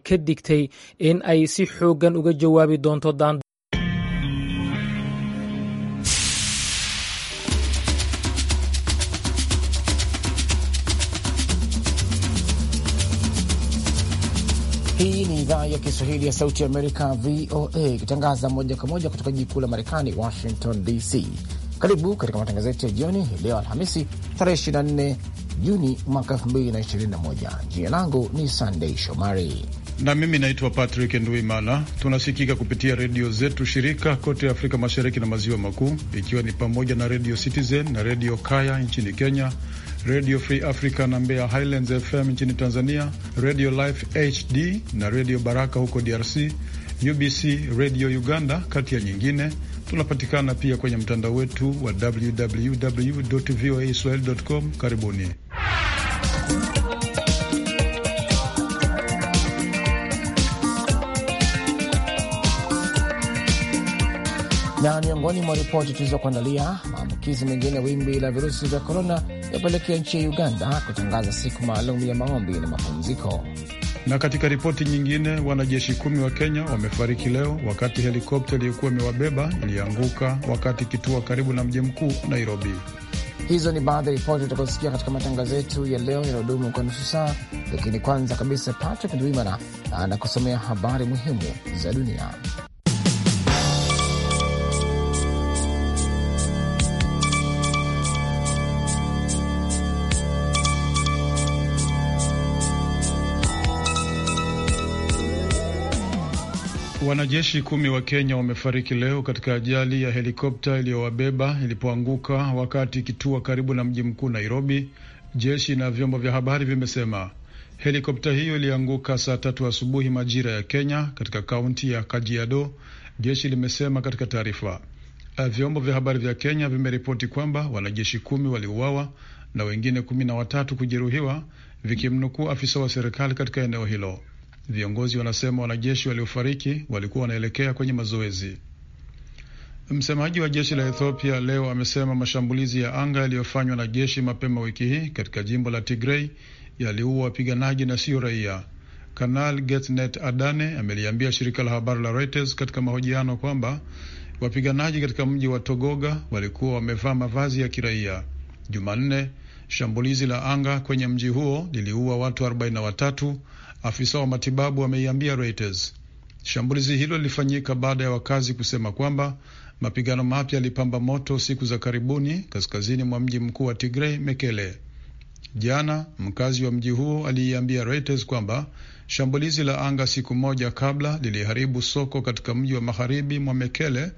ka digtay in ay si xooggan uga jawaabi doonto daan Hii ni idhaa ya Kiswahili ya Sauti Amerika, VOA, ikitangaza moja kwa moja kutoka jiji kuu la Marekani, Washington DC. Karibu katika matangazo yetu ya jioni leo Alhamisi, tarehe 24 Juni mwaka 2021. Jina langu ni Sandei Shomari na mimi naitwa Patrick Nduimana. Tunasikika kupitia redio zetu shirika kote Afrika Mashariki na Maziwa Makuu, ikiwa ni pamoja na Redio Citizen na Redio Kaya nchini Kenya, Redio Free Africa na Mbeya Highlands FM nchini Tanzania, Redio Life HD na Redio Baraka huko DRC, UBC Redio Uganda, kati ya nyingine. Tunapatikana pia kwenye mtandao wetu wa www voa swahili com. Karibuni. Na miongoni mwa ripoti tulizokuandalia, maambukizi mengine ya wimbi la virusi vya korona yapelekea nchi ya Uganda kutangaza siku maalum ya maombi na mapumziko. Na katika ripoti nyingine, wanajeshi kumi wa Kenya wamefariki leo wakati helikopta iliyokuwa imewabeba ilianguka wakati ikitua karibu na mji mkuu Nairobi. Hizo ni baadhi ya ripoti utakazosikia katika matangazo yetu ya leo yanayodumu kwa nusu saa, lakini kwanza kabisa, Patrick Dwimana anakusomea habari muhimu za dunia. Wanajeshi kumi wa Kenya wamefariki leo katika ajali ya helikopta iliyowabeba ilipoanguka wakati ikitua karibu na mji mkuu Nairobi, jeshi na vyombo vya habari vimesema. Helikopta hiyo ilianguka saa tatu asubuhi majira ya Kenya katika kaunti ya Kajiado, jeshi limesema katika taarifa. Eh, vyombo vya habari vya Kenya vimeripoti kwamba wanajeshi kumi waliuawa na wengine kumi na watatu kujeruhiwa, vikimnukuu afisa wa serikali katika eneo hilo. Viongozi wanasema wanajeshi waliofariki walikuwa wanaelekea kwenye mazoezi. Msemaji wa jeshi la Ethiopia leo amesema mashambulizi ya anga yaliyofanywa na jeshi mapema wiki hii katika jimbo la Tigrei yaliua wapiganaji na siyo raia. Kanal Getnet Adane ameliambia shirika la habari la Reuters katika mahojiano kwamba wapiganaji katika mji wa Togoga walikuwa wamevaa mavazi ya kiraia. Jumanne, shambulizi la anga kwenye mji huo liliua watu afisa wa matibabu ameiambia Reuters. Shambulizi hilo lilifanyika baada ya wakazi kusema kwamba mapigano mapya yalipamba moto siku za karibuni kaskazini mwa mji mkuu wa Tigrei, Mekele. Jana mkazi wa mji huo aliiambia Reuters kwamba shambulizi la anga siku moja kabla liliharibu soko katika mji wa magharibi mwa Mekele.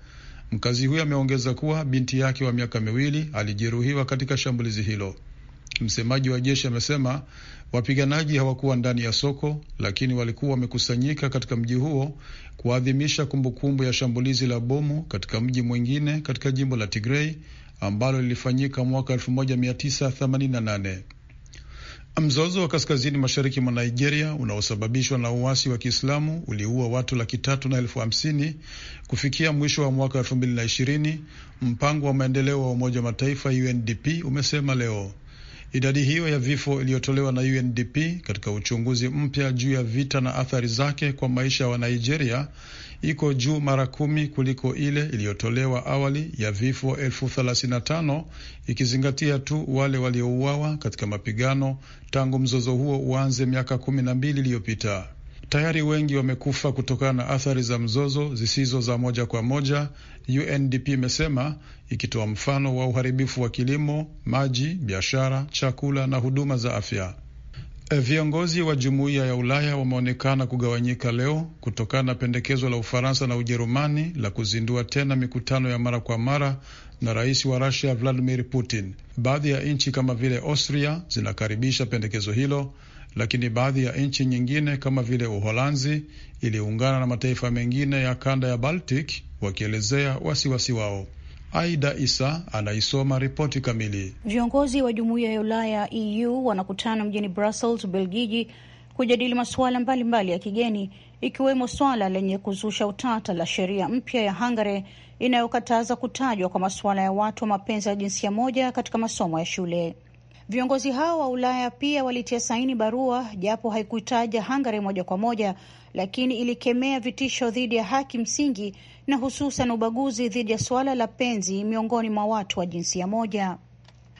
Mkazi huyo ameongeza kuwa binti yake wa miaka miwili alijeruhiwa katika shambulizi hilo. Msemaji wa jeshi amesema Wapiganaji hawakuwa ndani ya soko, lakini walikuwa wamekusanyika katika mji huo kuadhimisha kumbukumbu ya shambulizi la bomu katika mji mwingine katika jimbo la Tigrei ambalo lilifanyika mwaka 1988. Mzozo wa kaskazini mashariki mwa Nigeria unaosababishwa na uasi wa Kiislamu uliua watu laki tatu na elfu hamsini kufikia mwisho wa mwaka elfu mbili na ishirini, mpango wa maendeleo wa Umoja wa Mataifa UNDP umesema leo. Idadi hiyo ya vifo iliyotolewa na UNDP katika uchunguzi mpya juu ya vita na athari zake kwa maisha ya wa Wanigeria iko juu mara kumi kuliko ile iliyotolewa awali ya vifo elfu thelathini na tano ikizingatia tu wale waliouawa katika mapigano tangu mzozo huo uanze miaka kumi na mbili iliyopita. Tayari wengi wamekufa kutokana na athari za mzozo zisizo za moja kwa moja, UNDP imesema ikitoa mfano wa uharibifu wa kilimo, maji, biashara, chakula na huduma za afya. E, viongozi wa jumuiya ya Ulaya wameonekana kugawanyika leo kutokana na pendekezo la Ufaransa na Ujerumani la kuzindua tena mikutano ya mara kwa mara na rais wa Rusia Vladimir Putin. Baadhi ya nchi kama vile Austria zinakaribisha pendekezo hilo, lakini baadhi ya nchi nyingine kama vile Uholanzi iliungana na mataifa mengine ya kanda ya Baltic wakielezea wasiwasi wao. Aida Isa anaisoma ripoti kamili. Viongozi wa jumuiya ya Ulaya EU wanakutana mjini Brussels, Ubelgiji, kujadili masuala mbalimbali ya kigeni ikiwemo swala lenye kuzusha utata la sheria mpya ya Hungary inayokataza kutajwa kwa masuala ya watu wa mapenzi ya jinsia moja katika masomo ya shule. Viongozi hao wa Ulaya pia walitia saini barua, japo haikuitaja Hungary moja kwa moja, lakini ilikemea vitisho dhidi ya haki msingi na hususan ubaguzi dhidi ya suala la penzi miongoni mwa watu wa jinsia moja.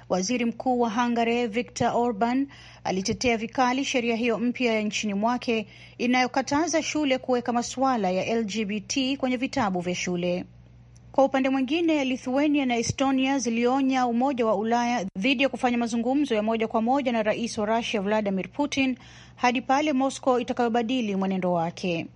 Waziri Mkuu wa Hungary Viktor Orban alitetea vikali sheria hiyo mpya ya nchini mwake inayokataza shule kuweka masuala ya LGBT kwenye vitabu vya shule. Kwa upande mwingine, Lithuania na Estonia zilionya Umoja wa Ulaya dhidi ya kufanya mazungumzo ya moja kwa moja na rais wa Rusia Vladimir Putin hadi pale Moscow itakayobadili mwenendo wake.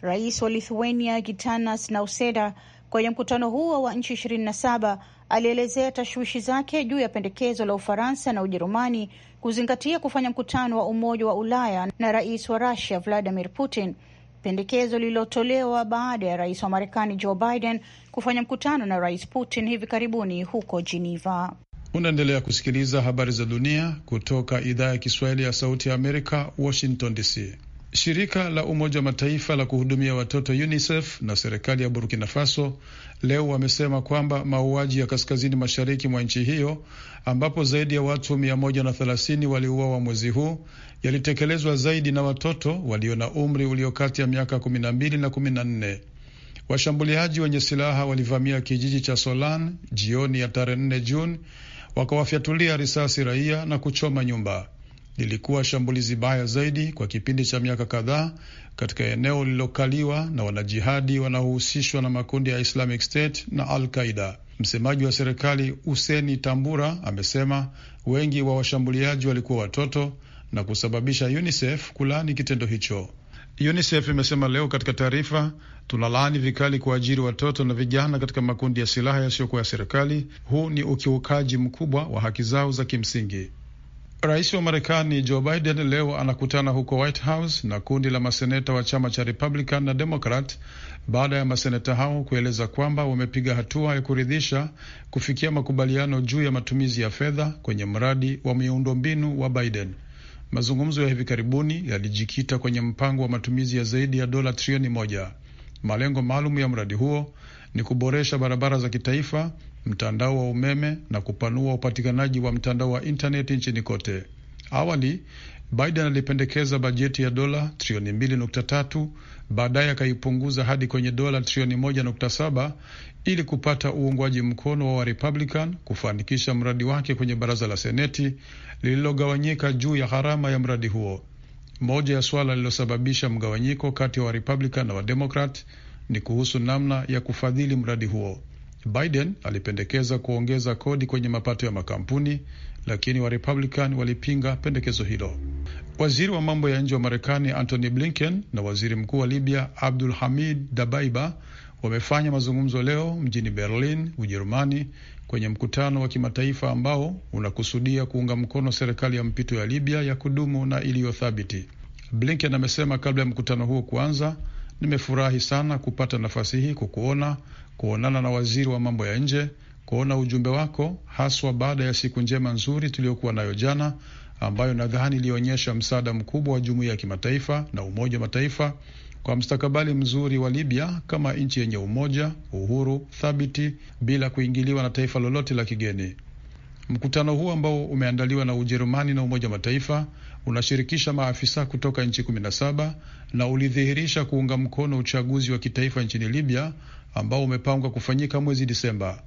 Rais wa Lithuania Gitanas Nauseda kwenye mkutano huo wa nchi 27 alielezea tashwishi zake juu ya pendekezo la Ufaransa na Ujerumani kuzingatia kufanya mkutano wa Umoja wa Ulaya na rais wa Rusia Vladimir Putin pendekezo lililotolewa baada ya rais wa Marekani Joe Biden kufanya mkutano na rais Putin hivi karibuni huko Geneva. Unaendelea kusikiliza habari za dunia kutoka idhaa ya Kiswahili ya Sauti ya Amerika, Washington DC. Shirika la Umoja wa Mataifa la kuhudumia watoto UNICEF na serikali ya Burkina Faso leo wamesema kwamba mauaji ya kaskazini mashariki mwa nchi hiyo ambapo zaidi ya watu 130 waliuawa mwezi huu yalitekelezwa zaidi na watoto walio na umri ulio kati ya miaka kumi na mbili na kumi na nne. Washambuliaji wenye silaha walivamia kijiji cha Solan jioni ya tarehe 4 Juni, wakawafyatulia risasi raia na kuchoma nyumba. Lilikuwa shambulizi baya zaidi kwa kipindi cha miaka kadhaa katika eneo lililokaliwa na wanajihadi wanaohusishwa na makundi ya Islamic State na Al Qaida. Msemaji wa serikali Useni Tambura amesema wengi wa washambuliaji walikuwa watoto na kusababisha UNICEF kulaani kitendo hicho. UNICEF imesema leo katika taarifa, tunalaani vikali kuajiri watoto na vijana katika makundi ya silaha yasiyokuwa ya serikali. Huu ni ukiukaji mkubwa wa haki zao za kimsingi. Rais wa Marekani Joe Biden leo anakutana huko White House na kundi la maseneta wa chama cha Republican na Democrat baada ya maseneta hao kueleza kwamba wamepiga hatua ya kuridhisha kufikia makubaliano juu ya matumizi ya fedha kwenye mradi wa miundombinu wa Biden. Mazungumzo ya hivi karibuni yalijikita kwenye mpango wa matumizi ya zaidi ya dola trilioni moja. Malengo maalum ya mradi huo ni kuboresha barabara za kitaifa, mtandao wa umeme na kupanua upatikanaji wa mtandao wa intaneti nchini kote. Awali Biden alipendekeza bajeti ya dola trilioni mbili nukta tatu baadaye akaipunguza hadi kwenye dola trilioni moja nukta saba ili kupata uungwaji mkono wa Republican kufanikisha mradi wake kwenye baraza la Seneti lililogawanyika juu ya gharama ya mradi huo. Moja ya swala lililosababisha mgawanyiko kati ya wa Republican na Wademokrat ni kuhusu namna ya kufadhili mradi huo. Biden alipendekeza kuongeza kodi kwenye mapato ya makampuni lakini Warepublican walipinga pendekezo hilo. Waziri wa mambo ya nje wa Marekani Antony Blinken na waziri mkuu wa Libya Abdul Hamid Dabaiba wamefanya mazungumzo leo mjini Berlin, Ujerumani, kwenye mkutano wa kimataifa ambao unakusudia kuunga mkono serikali ya mpito ya Libya ya kudumu na iliyothabiti. Blinken amesema kabla ya mkutano huo kuanza, nimefurahi sana kupata nafasi hii kukuona, kuonana na waziri wa mambo ya nje kuona ujumbe wako, haswa baada ya siku njema nzuri tuliyokuwa nayo jana, ambayo nadhani ilionyesha msaada mkubwa wa jumuiya ya kimataifa na Umoja wa Mataifa kwa mstakabali mzuri wa Libya kama nchi yenye umoja, uhuru, thabiti bila kuingiliwa na taifa lolote la kigeni. Mkutano huu ambao umeandaliwa na Ujerumani na Umoja wa Mataifa unashirikisha maafisa kutoka nchi 17 na ulidhihirisha kuunga mkono uchaguzi wa kitaifa nchini Libya ambao umepangwa kufanyika mwezi Disemba.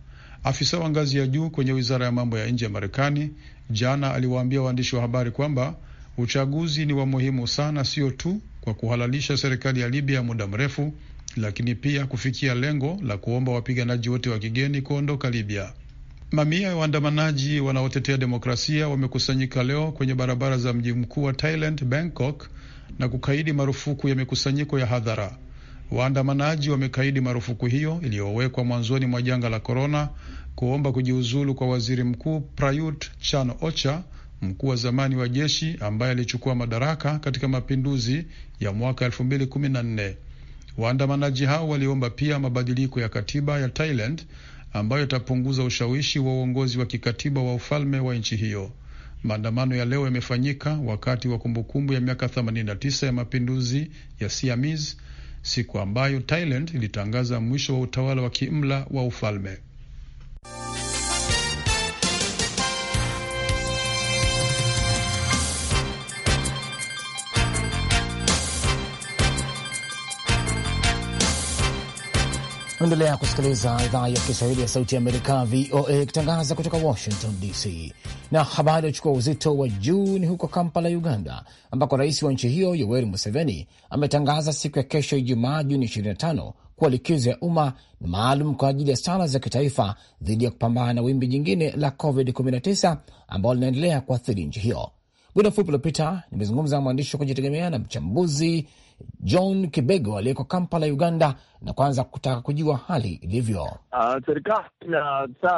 Afisa wa ngazi ya juu kwenye wizara ya mambo ya nje ya Marekani jana aliwaambia waandishi wa habari kwamba uchaguzi ni wa muhimu sana, sio tu kwa kuhalalisha serikali ya Libya ya muda mrefu, lakini pia kufikia lengo la kuomba wapiganaji wote wa kigeni kuondoka Libya. Mamia ya waandamanaji wanaotetea demokrasia wamekusanyika leo kwenye barabara za mji mkuu wa Thailand, Bangkok, na kukaidi marufuku ya mikusanyiko ya hadhara. Waandamanaji wamekaidi marufuku hiyo iliyowekwa mwanzoni mwa janga la korona, kuomba kujiuzulu kwa waziri mkuu Prayut Chan Ocha, mkuu wa zamani wa jeshi ambaye alichukua madaraka katika mapinduzi ya mwaka 2014. Waandamanaji hao waliomba pia mabadiliko ya katiba ya Thailand ambayo itapunguza ushawishi wa uongozi wa kikatiba wa ufalme wa nchi hiyo. Maandamano ya leo yamefanyika wakati wa kumbukumbu ya miaka 89 ya mapinduzi ya Siamese siku ambayo Thailand ilitangaza mwisho wa utawala wa kiimla wa ufalme. Endelea kusikiliza idhaa ya Kiswahili ya Sauti ya Amerika, VOA, ikitangaza kutoka Washington DC. Na habari yachukua uzito wa juu ni huko Kampala, Uganda, ambako rais wa nchi hiyo Yoweri Museveni ametangaza siku ya kesho Ijumaa, Juni 25 kuwa likizo ya umma maalum kwa ajili ya sala za kitaifa dhidi ya kupambana na wimbi jingine la COVID-19 ambalo linaendelea kuathiri nchi hiyo. Muda mfupi uliopita nimezungumza na mwandishi wa kujitegemea na mchambuzi John Kibego aliyeko Kampala, Uganda, na kwanza kutaka kujua hali ilivyo. Uh, serikali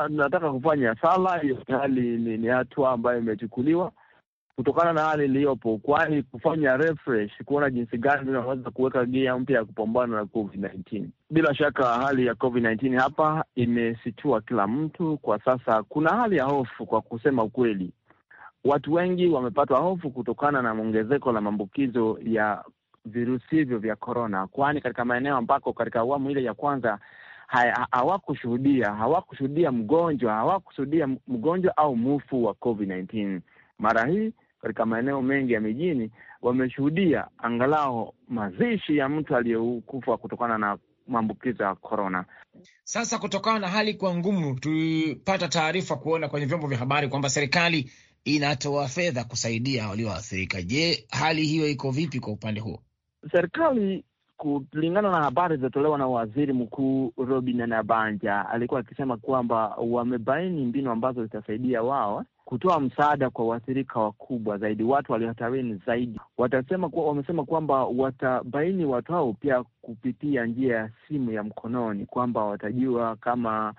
inataka kufanya sala hali ni, ni hatua ambayo imechukuliwa kutokana na hali iliyopo, kwani kufanya refresh kuona jinsi gani inaweza kuweka gia mpya ya kupambana na COVID-19. Bila shaka hali ya COVID-19 hapa imesitua kila mtu kwa sasa. Kuna hali ya hofu kwa kusema ukweli, watu wengi wamepatwa hofu kutokana na ongezeko la maambukizo ya virusi hivyo vya korona, kwani katika maeneo ambako katika awamu ile ya kwanza hawakushuhudia hawakushuhudia mgonjwa hawakushuhudia mgonjwa au mufu wa COVID-19. Mara hii katika maeneo mengi ya mijini wameshuhudia angalau mazishi ya mtu aliyekufa kutokana na maambukizo ya korona. Sasa kutokana na hali kuwa ngumu, tulipata taarifa kuona kwenye vyombo vya habari kwamba serikali inatoa fedha kusaidia walioathirika. Je, hali hiyo iko vipi kwa upande huo? serikali kulingana na habari zilizotolewa na waziri mkuu Robin Nabanja alikuwa akisema kwamba wamebaini mbinu ambazo zitasaidia wao kutoa msaada kwa waathirika wakubwa zaidi, watu waliohatarini zaidi. Watasema kuwa, wamesema kwamba watabaini watu hao pia kupitia njia ya simu ya mkononi, kwamba watajua kama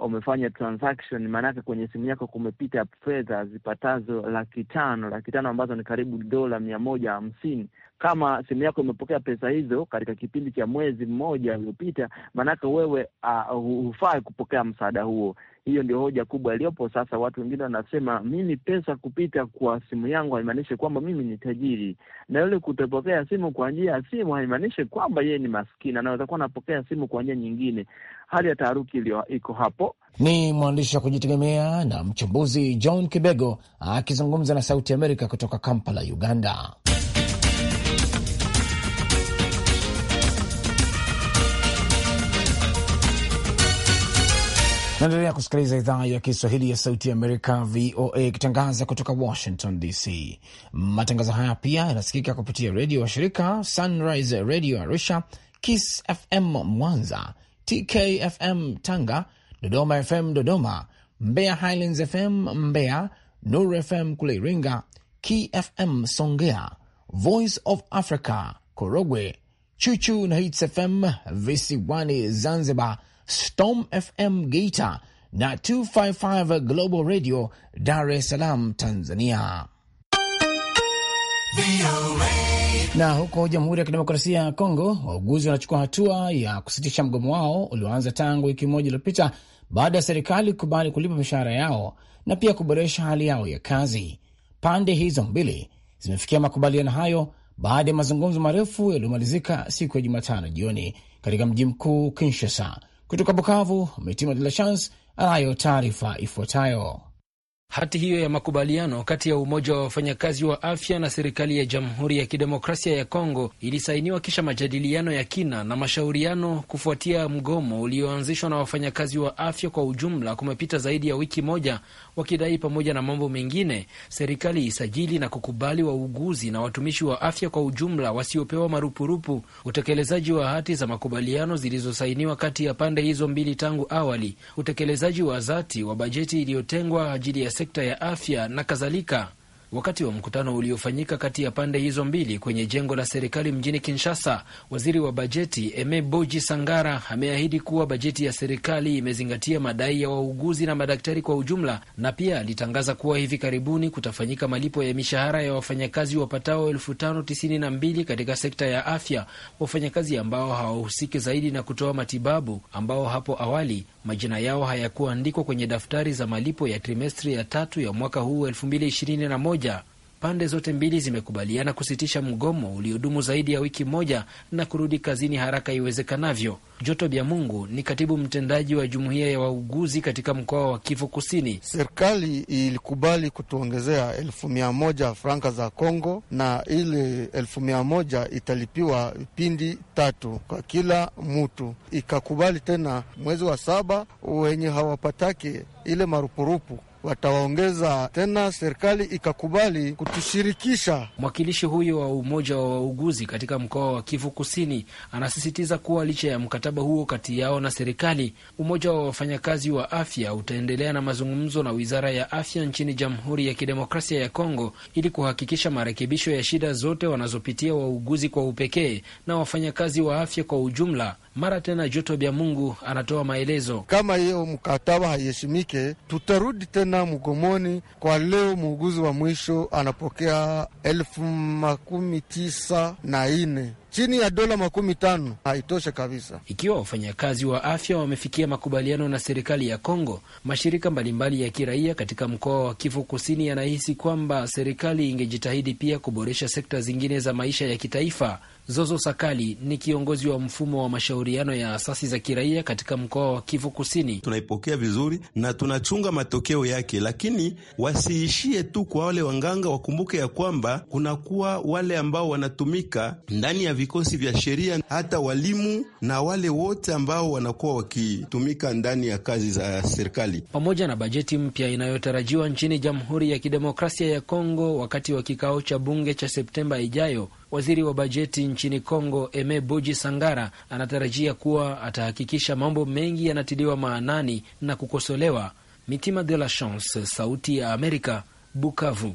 wamefanya uh, transaction. Maanake kwenye simu yako kumepita fedha zipatazo laki tano, laki tano ambazo ni karibu dola mia moja hamsini kama simu yako imepokea pesa hizo katika kipindi cha mwezi mmoja uliopita, maanake wewe ah, hufai uh, kupokea msaada huo. Hiyo ndio hoja kubwa iliyopo sasa. Watu wengine wanasema mimi pesa kupita kwa simu yangu haimaanishi kwamba mimi ni tajiri, na yule kutopokea simu kwa njia ya simu haimaanishi kwamba yeye ni maskini, anaweza kuwa anapokea simu kwa njia nyingine. Hali ya taharuki iliyo iko hapo. Ni mwandishi wa kujitegemea na mchambuzi John Kibego akizungumza na Sauti Amerika kutoka Kampala, Uganda. Naendelea kusikiliza idhaa ya Kiswahili ya Sauti ya Amerika, VOA, ikitangaza kutoka Washington DC. Matangazo haya pia yanasikika kupitia redio wa shirika Sunrise Radio Arusha, Kiss FM Mwanza, TKFM Tanga, Dodoma FM Dodoma, Mbeya Highlands FM Mbeya, Nur FM kule Iringa, KFM Songea, Voice of Africa Korogwe, Chuchu na Hits FM visiwani Zanzibar, Storm FM Geita na 255 Global Radio Dar es Salaam, Tanzania. Na huko Jamhuri ya Kidemokrasia ya Kongo, wauguzi wanachukua hatua ya kusitisha mgomo wao ulioanza tangu wiki moja iliyopita baada ya serikali kukubali kulipa mishahara yao na pia kuboresha hali yao ya kazi. Pande hizo mbili zimefikia makubaliano hayo baada ya mazungumzo marefu yaliyomalizika siku ya Jumatano jioni katika mji mkuu Kinshasa. Kutoka Bukavu, Mitima De La Chance anayo taarifa ifuatayo. Hati hiyo ya makubaliano kati ya umoja wa wafanyakazi wa afya na serikali ya Jamhuri ya Kidemokrasia ya Kongo ilisainiwa kisha majadiliano ya kina na mashauriano kufuatia mgomo ulioanzishwa na wafanyakazi wa afya kwa ujumla. Kumepita zaidi ya wiki moja wakidai, pamoja na mambo mengine, serikali isajili na kukubali wauguzi na watumishi wa afya kwa ujumla wasiopewa marupurupu, utekelezaji wa hati za makubaliano zilizosainiwa kati ya pande hizo mbili tangu awali, utekelezaji wa dhati wa bajeti iliyotengwa ajili ya sekta ya afya na kadhalika. Wakati wa mkutano uliofanyika kati ya pande hizo mbili kwenye jengo la serikali mjini Kinshasa, waziri wa bajeti eme boji Sangara ameahidi kuwa bajeti ya serikali imezingatia madai ya wauguzi na madaktari kwa ujumla, na pia alitangaza kuwa hivi karibuni kutafanyika malipo ya mishahara ya wafanyakazi wapatao elfu tano tisini na mbili katika sekta ya afya, wafanyakazi ambao hawahusiki zaidi na kutoa matibabu, ambao hapo awali majina yao hayakuandikwa kwenye daftari za malipo ya trimestri ya tatu ya mwaka huu 2021 pande zote mbili zimekubaliana kusitisha mgomo uliodumu zaidi ya wiki moja na kurudi kazini haraka iwezekanavyo. Joto Bya Mungu ni katibu mtendaji wa jumuiya ya wauguzi katika mkoa wa Kivu Kusini. Serikali ilikubali kutuongezea elfu mia moja franka za congo na ile elfu mia moja italipiwa vipindi tatu kwa kila mtu. Ikakubali tena mwezi wa saba wenye hawapatake ile marupurupu watawaongeza tena, serikali ikakubali kutushirikisha. Mwakilishi huyo wa umoja wa wauguzi katika mkoa wa Kivu Kusini anasisitiza kuwa licha ya mkataba huo kati yao na serikali, umoja wa wafanyakazi wa afya utaendelea na mazungumzo na wizara ya afya nchini Jamhuri ya Kidemokrasia ya Kongo ili kuhakikisha marekebisho ya shida zote wanazopitia wauguzi kwa upekee na wafanyakazi wa afya kwa ujumla mara tena Joto Bya Mungu anatoa maelezo. Kama hiyo mkataba haiheshimike, tutarudi tena mgomoni. Kwa leo muuguzi wa mwisho anapokea elfu makumi tisa na nne chini ya dola makumi tano haitoshe kabisa. Ikiwa wafanyakazi wa afya wamefikia makubaliano na serikali ya Kongo, mashirika mbalimbali ya kiraia katika mkoa wa Kivu Kusini yanahisi kwamba serikali ingejitahidi pia kuboresha sekta zingine za maisha ya kitaifa. Zozo Sakali ni kiongozi wa mfumo wa mashauriano ya asasi za kiraia katika mkoa wa Kivu Kusini. Tunaipokea vizuri na tunachunga matokeo yake, lakini wasiishie tu kwa wale wanganga, wakumbuke ya kwamba kunakuwa wale ambao wanatumika ndani ya vikosi vya sheria, hata walimu na wale wote ambao wanakuwa wakitumika ndani ya kazi za serikali. Pamoja na bajeti mpya inayotarajiwa nchini Jamhuri ya Kidemokrasia ya Kongo wakati wa kikao cha bunge cha Septemba ijayo, waziri wa bajeti nchini Kongo Eme Boji Sangara anatarajia kuwa atahakikisha mambo mengi yanatiliwa maanani na kukosolewa. Mitima de la Chance, Sauti ya Amerika, Bukavu.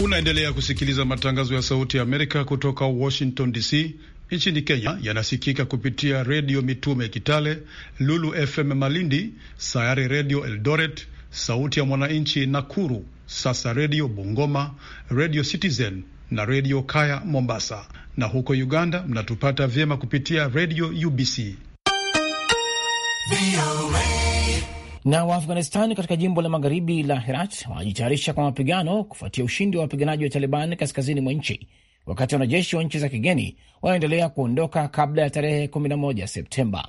Unaendelea kusikiliza matangazo ya Sauti ya Amerika kutoka Washington DC. Nchini Kenya yanasikika kupitia Redio Mitume Kitale, Lulu FM Malindi, Sayari Redio Eldoret, Sauti ya Mwananchi Nakuru, Sasa Redio Bungoma, Redio Citizen na Redio Kaya Mombasa, na huko Uganda mnatupata vyema kupitia Redio UBC. Na Waafghanistan katika jimbo la magharibi la Herat wanajitayarisha kwa mapigano kufuatia ushindi wa wapiganaji wa Taliban kaskazini mwa nchi, wakati wanajeshi wa nchi za kigeni wanaendelea kuondoka kabla ya tarehe 11 Septemba.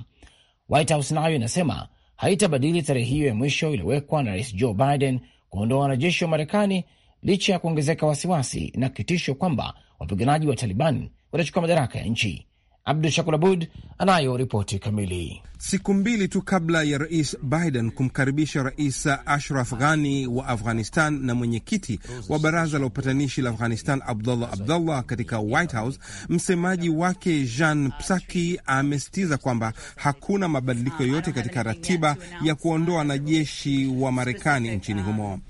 White House nayo inasema haitabadili tarehe hiyo ya mwisho iliyowekwa na Rais Joe Biden kuondoa wanajeshi wa Marekani licha ya kuongezeka wasiwasi na kitisho kwamba wapiganaji wa Taliban watachukua madaraka ya nchi. Abdu Shakur Abud anayo ripoti kamili. Siku mbili tu kabla ya Rais Biden kumkaribisha Rais Ashraf Ghani wa Afghanistan na mwenyekiti wa baraza la upatanishi la Afghanistan Abdullah Abdullah katika White House, msemaji wake Jean Psaki amesitiza kwamba hakuna mabadiliko yoyote katika ratiba ya kuondoa wanajeshi wa Marekani nchini humo.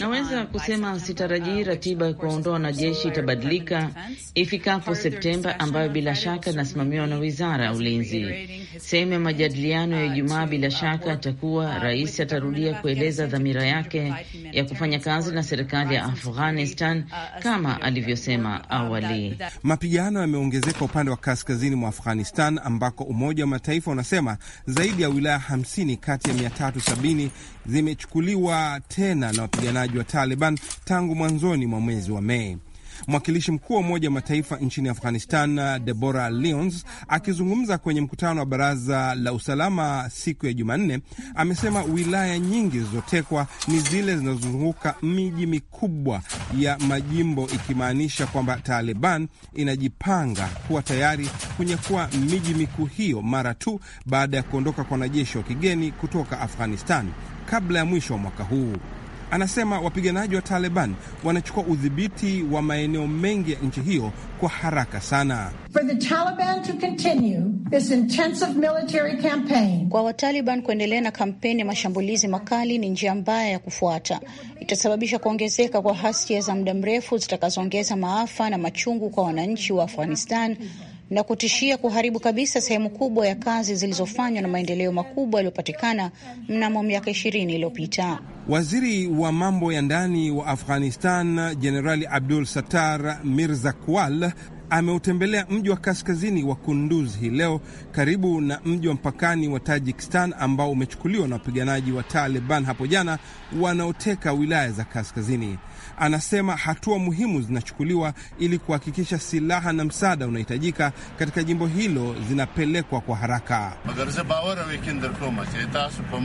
Naweza kusema sitarajii uh, ratiba ya kuwaondoa wanajeshi itabadilika ifikapo Septemba, ambayo bila shaka inasimamiwa na wizara ya ulinzi. Sehemu ya uh, majadiliano ya Ijumaa bila shaka atakuwa uh, rais atarudia kueleza dhamira yake ya kufanya kazi na serikali ya Afghanistan kama alivyosema awali. Mapigano yameongezeka upande wa kaskazini mwa Afghanistan ambako Umoja wa Mataifa unasema zaidi ya wilaya 50 kati ya 370 zimechukuliwa tena na wapiganaji wa Taliban tangu mwanzoni mwa mwezi wa Mei. Mwakilishi mkuu wa Umoja wa Mataifa nchini Afghanistan, Deborah Lyons, akizungumza kwenye mkutano wa Baraza la Usalama siku ya Jumanne, amesema wilaya nyingi zilizotekwa ni zile zinazozunguka miji mikubwa ya majimbo, ikimaanisha kwamba Taliban inajipanga kuwa tayari kunyakua miji mikuu hiyo mara tu baada ya kuondoka kwa wanajeshi wa kigeni kutoka Afghanistan kabla ya mwisho wa mwaka huu. Anasema wapiganaji wa Taliban wanachukua udhibiti wa maeneo mengi ya nchi hiyo kwa haraka sana. For the Taliban to continue this intensive military campaign. Kwa Wataliban kuendelea na kampeni ya mashambulizi makali ni njia mbaya ya kufuata, itasababisha kuongezeka kwa hasia za muda mrefu zitakazoongeza maafa na machungu kwa wananchi wa Afghanistan na kutishia kuharibu kabisa sehemu kubwa ya kazi zilizofanywa na maendeleo makubwa yaliyopatikana mnamo miaka ishirini iliyopita. Waziri wa mambo ya ndani wa Afghanistan Jenerali Abdul satar mirza Kwal ameutembelea mji wa kaskazini wa Kunduz hii leo karibu na mji wa mpakani wa Tajikistan ambao umechukuliwa na wapiganaji wa Taliban hapo jana wanaoteka wilaya za kaskazini anasema hatua muhimu zinachukuliwa ili kuhakikisha silaha na msaada unahitajika katika jimbo hilo zinapelekwa kwa haraka.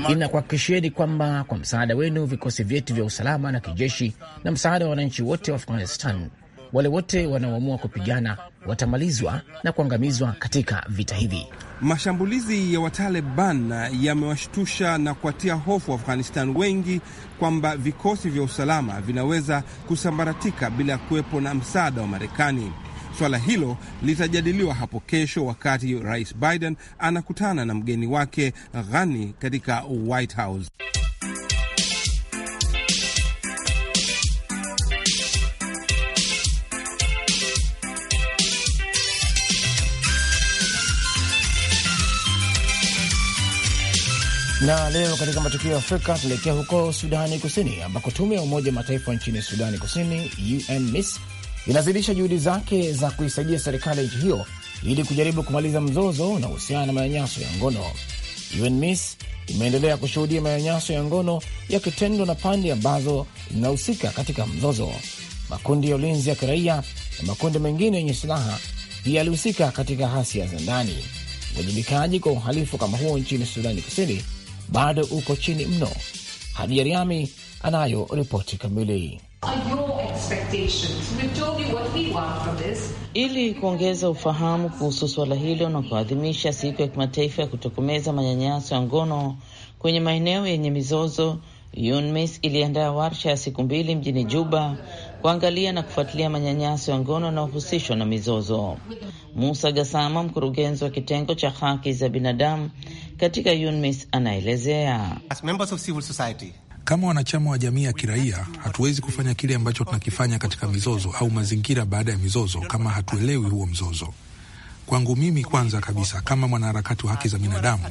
Inakuhakikishieni kwamba kwa msaada wenu vikosi vyetu vya usalama na kijeshi na msaada wa wananchi wote wa Afghanistan wale wote wanaoamua kupigana watamalizwa na kuangamizwa katika vita hivi. Mashambulizi ya Wataliban yamewashtusha na kuwatia hofu Afghanistan wengi kwamba vikosi vya usalama vinaweza kusambaratika bila kuwepo na msaada wa Marekani. Swala hilo litajadiliwa hapo kesho wakati Rais Biden anakutana na mgeni wake Ghani katika White House. Na leo katika matukio ya Afrika tunaelekea huko Sudani Kusini, ambako tume ya Umoja Mataifa nchini Sudani Kusini, UNMISS, inazidisha juhudi zake za kuisaidia serikali ya nchi hiyo ili kujaribu kumaliza mzozo na husiana na manyanyaso ya ngono. UNMISS imeendelea kushuhudia manyanyaso ya ngono yakitendwa na pande ambazo zinahusika katika mzozo. Makundi ya ulinzi ya kiraia na makundi mengine yenye silaha pia yalihusika katika ghasia za ndani. Uwajibikaji kwa uhalifu kama huo nchini Sudani Kusini bado uko chini mno. Hadi Riami anayo ripoti kamili. Ili kuongeza ufahamu kuhusu suala hilo na kuadhimisha siku ya kimataifa ya kutokomeza manyanyaso ya ngono kwenye maeneo yenye mizozo, UNMISS iliandaa warsha ya siku mbili mjini Juba kuangalia na kufuatilia manyanyaso ya ngono yanayohusishwa na mizozo. Musa Gasama, mkurugenzi wa kitengo cha haki za binadamu katika UNMISS anaelezea. Kama wanachama wa jamii ya kiraia hatuwezi kufanya kile ambacho tunakifanya katika mizozo au mazingira baada ya mizozo kama hatuelewi huo mzozo. Kwangu mimi, kwanza kabisa, kama mwanaharakati wa haki za binadamu,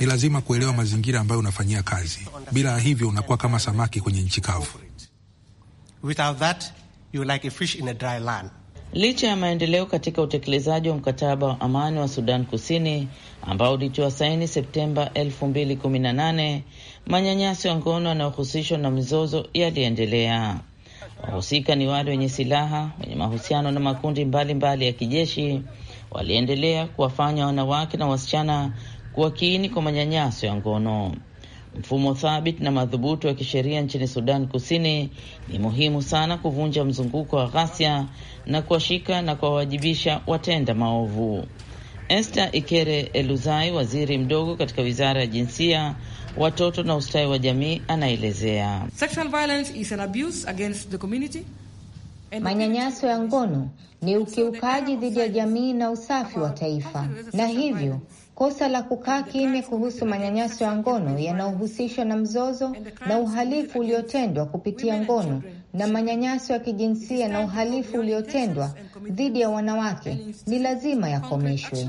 ni lazima kuelewa mazingira ambayo unafanyia kazi. Bila hivyo, unakuwa kama samaki kwenye nchi kavu. Licha ya maendeleo katika utekelezaji wa mkataba wa amani wa Sudan Kusini ambao ulitiwa saini Septemba 2018, manyanyaso ya ngono yanayohusishwa na mizozo yaliendelea. Wahusika ni wale wenye silaha wenye mahusiano na makundi mbalimbali mbali ya kijeshi, waliendelea kuwafanya wanawake na wasichana kuwa kiini kwa manyanyaso ya ngono. Mfumo thabiti na madhubuti wa kisheria nchini Sudan Kusini ni muhimu sana kuvunja mzunguko wa ghasia na kuwashika na kuwawajibisha watenda maovu. Esther Ikere Eluzai, waziri mdogo katika wizara ya jinsia, watoto na ustawi wa jamii, anaelezea manyanyaso ya ngono ni ukiukaji dhidi ya jamii na usafi wa taifa, na hivyo kosa la kukaa kimya kuhusu manyanyaso ya ngono yanayohusishwa na mzozo na uhalifu uliotendwa kupitia ngono na manyanyaso ya kijinsia na uhalifu uliotendwa dhidi ya wanawake ni lazima yakomeshwe.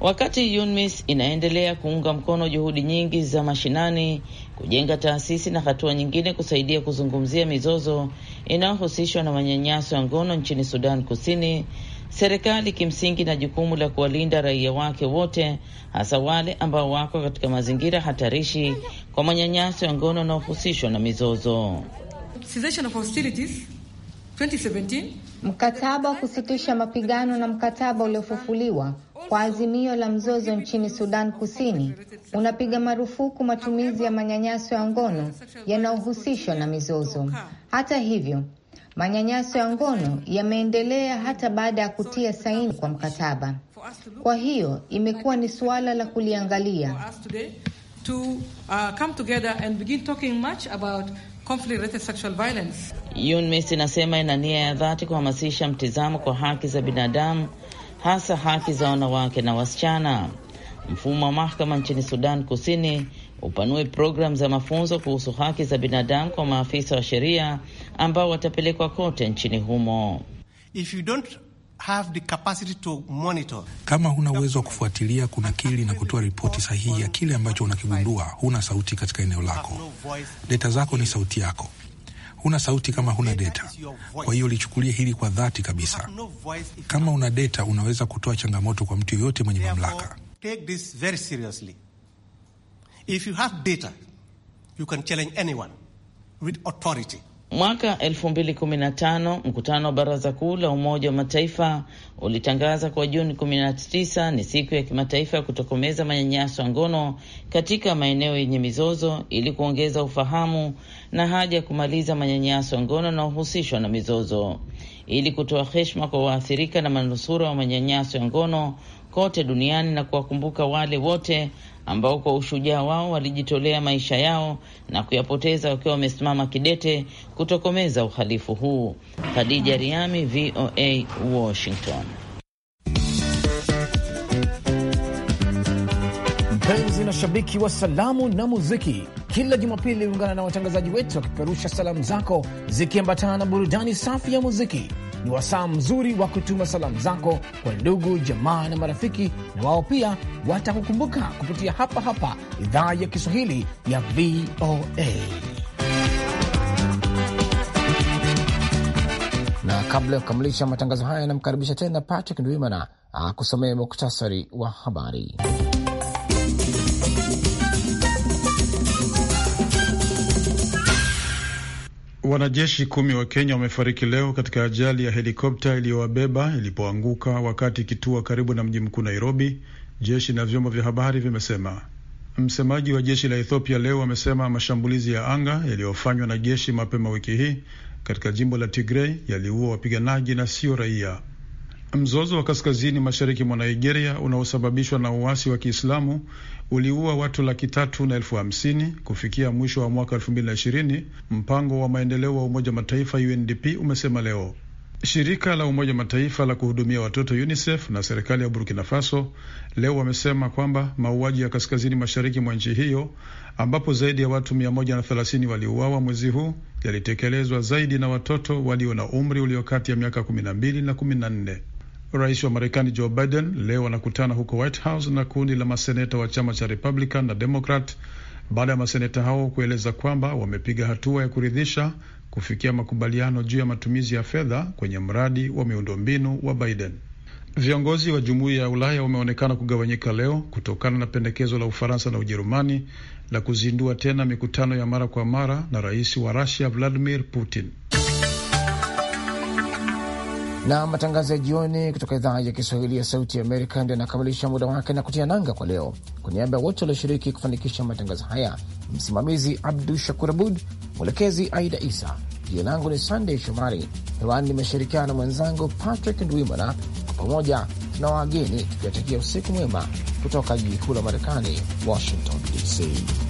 Wakati UNMISS inaendelea kuunga mkono juhudi nyingi za mashinani, kujenga taasisi na hatua nyingine kusaidia kuzungumzia mizozo inayohusishwa na manyanyaso ya ngono nchini Sudan Kusini, serikali kimsingi na jukumu la kuwalinda raia wake wote, hasa wale ambao wako katika mazingira hatarishi kwa manyanyaso ya ngono yanayohusishwa na mizozo. Mkataba wa kusitisha mapigano na mkataba uliofufuliwa kwa azimio la mzozo nchini Sudan Kusini unapiga marufuku matumizi ya manyanyaso ya ngono yanayohusishwa na mizozo. Hata hivyo, manyanyaso ya ngono yameendelea hata baada ya kutia saini kwa mkataba. Kwa hiyo imekuwa ni suala la kuliangalia. Uh, UNMISS inasema ina nia ya dhati kuhamasisha mtizamo kwa haki za binadamu hasa haki za wanawake na wasichana. Mfumo wa mahakama nchini Sudan Kusini upanue programu za mafunzo kuhusu haki za binadamu kwa maafisa wa sheria ambao watapelekwa kote nchini humo. If you don't have the capacity to monitor, kama huna uwezo wa kufuatilia, kunakili na kutoa ripoti sahihi ya kile ambacho unakigundua, huna sauti katika eneo lako. Data zako ni sauti yako huna sauti kama huna deta. Kwa hiyo lichukulie hili kwa dhati kabisa. Kama una deta, unaweza kutoa changamoto kwa mtu yoyote mwenye mamlaka. with authority. Mwaka 2015 mkutano wa baraza kuu la Umoja wa Mataifa ulitangaza kwa Juni 19 ni siku ya kimataifa ya kutokomeza manyanyaso ya ngono katika maeneo yenye mizozo ili kuongeza ufahamu na haja ya kumaliza manyanyaso ya ngono yanaohusishwa na mizozo ili kutoa heshima kwa waathirika na manusura wa manyanyaso ya ngono kote duniani na kuwakumbuka wale wote ambao kwa ushujaa wao walijitolea maisha yao na kuyapoteza wakiwa wamesimama kidete kutokomeza uhalifu huu. Khadija Riami, VOA, Washington. Mpenzi na shabiki wa salamu na muziki, kila Jumapili ungana na watangazaji wetu wakipeperusha salamu zako zikiambatana na burudani safi ya muziki ni wasaa mzuri wa kutuma salamu zako kwa ndugu jamaa na marafiki, na wao pia watakukumbuka kupitia hapa hapa idhaa ya Kiswahili ya VOA. Na kabla ya kukamilisha matangazo haya, yanamkaribisha tena Patrick Ndwimana akusomee muktasari wa habari. Wanajeshi kumi wa Kenya wamefariki leo katika ajali ya helikopta iliyowabeba ilipoanguka wakati ikitua karibu na mji mkuu Nairobi, jeshi na vyombo vya habari vimesema. Msemaji wa jeshi la Ethiopia leo amesema mashambulizi ya anga yaliyofanywa na jeshi mapema wiki hii katika jimbo la tigrei yaliua wapiganaji na sio raia. Mzozo wa kaskazini mashariki mwa Nigeria unaosababishwa na uasi wa Kiislamu uliua watu laki tatu na elfu hamsini kufikia mwisho wa mwaka elfu mbili na ishirini, mpango wa maendeleo wa Umoja Mataifa UNDP umesema leo. Shirika la Umoja Mataifa la kuhudumia watoto UNICEF na serikali ya Burkina Faso leo wamesema kwamba mauaji ya kaskazini mashariki mwa nchi hiyo ambapo zaidi ya watu 130 waliuawa mwezi huu yalitekelezwa zaidi na watoto walio na umri ulio kati ya miaka 12 na 14. Rais wa Marekani Joe Biden leo anakutana huko White House na kundi la maseneta wa chama cha Republican na Democrat baada ya maseneta hao kueleza kwamba wamepiga hatua ya kuridhisha kufikia makubaliano juu ya matumizi ya fedha kwenye mradi wa miundombinu wa Biden. Viongozi wa jumuiya ya Ulaya wameonekana kugawanyika leo kutokana na pendekezo la Ufaransa na Ujerumani la kuzindua tena mikutano ya mara kwa mara na rais wa Rusia Vladimir Putin na matangazo ya jioni kutoka idhaa ya Kiswahili ya Sauti ya Amerika ndio yanakamilisha muda wake na kutia nanga kwa leo. Kwa niaba ya wote walioshiriki kufanikisha matangazo haya, msimamizi Abdu Shakur Abud, mwelekezi Aida Isa. Jina langu ni Sandey Shomari, hewani nimeshirikiana na mwenzangu Patrick Ndwimana. Kwa pamoja tuna wageni tukiwatakia usiku mwema kutoka jiji kuu la Marekani, Washington DC.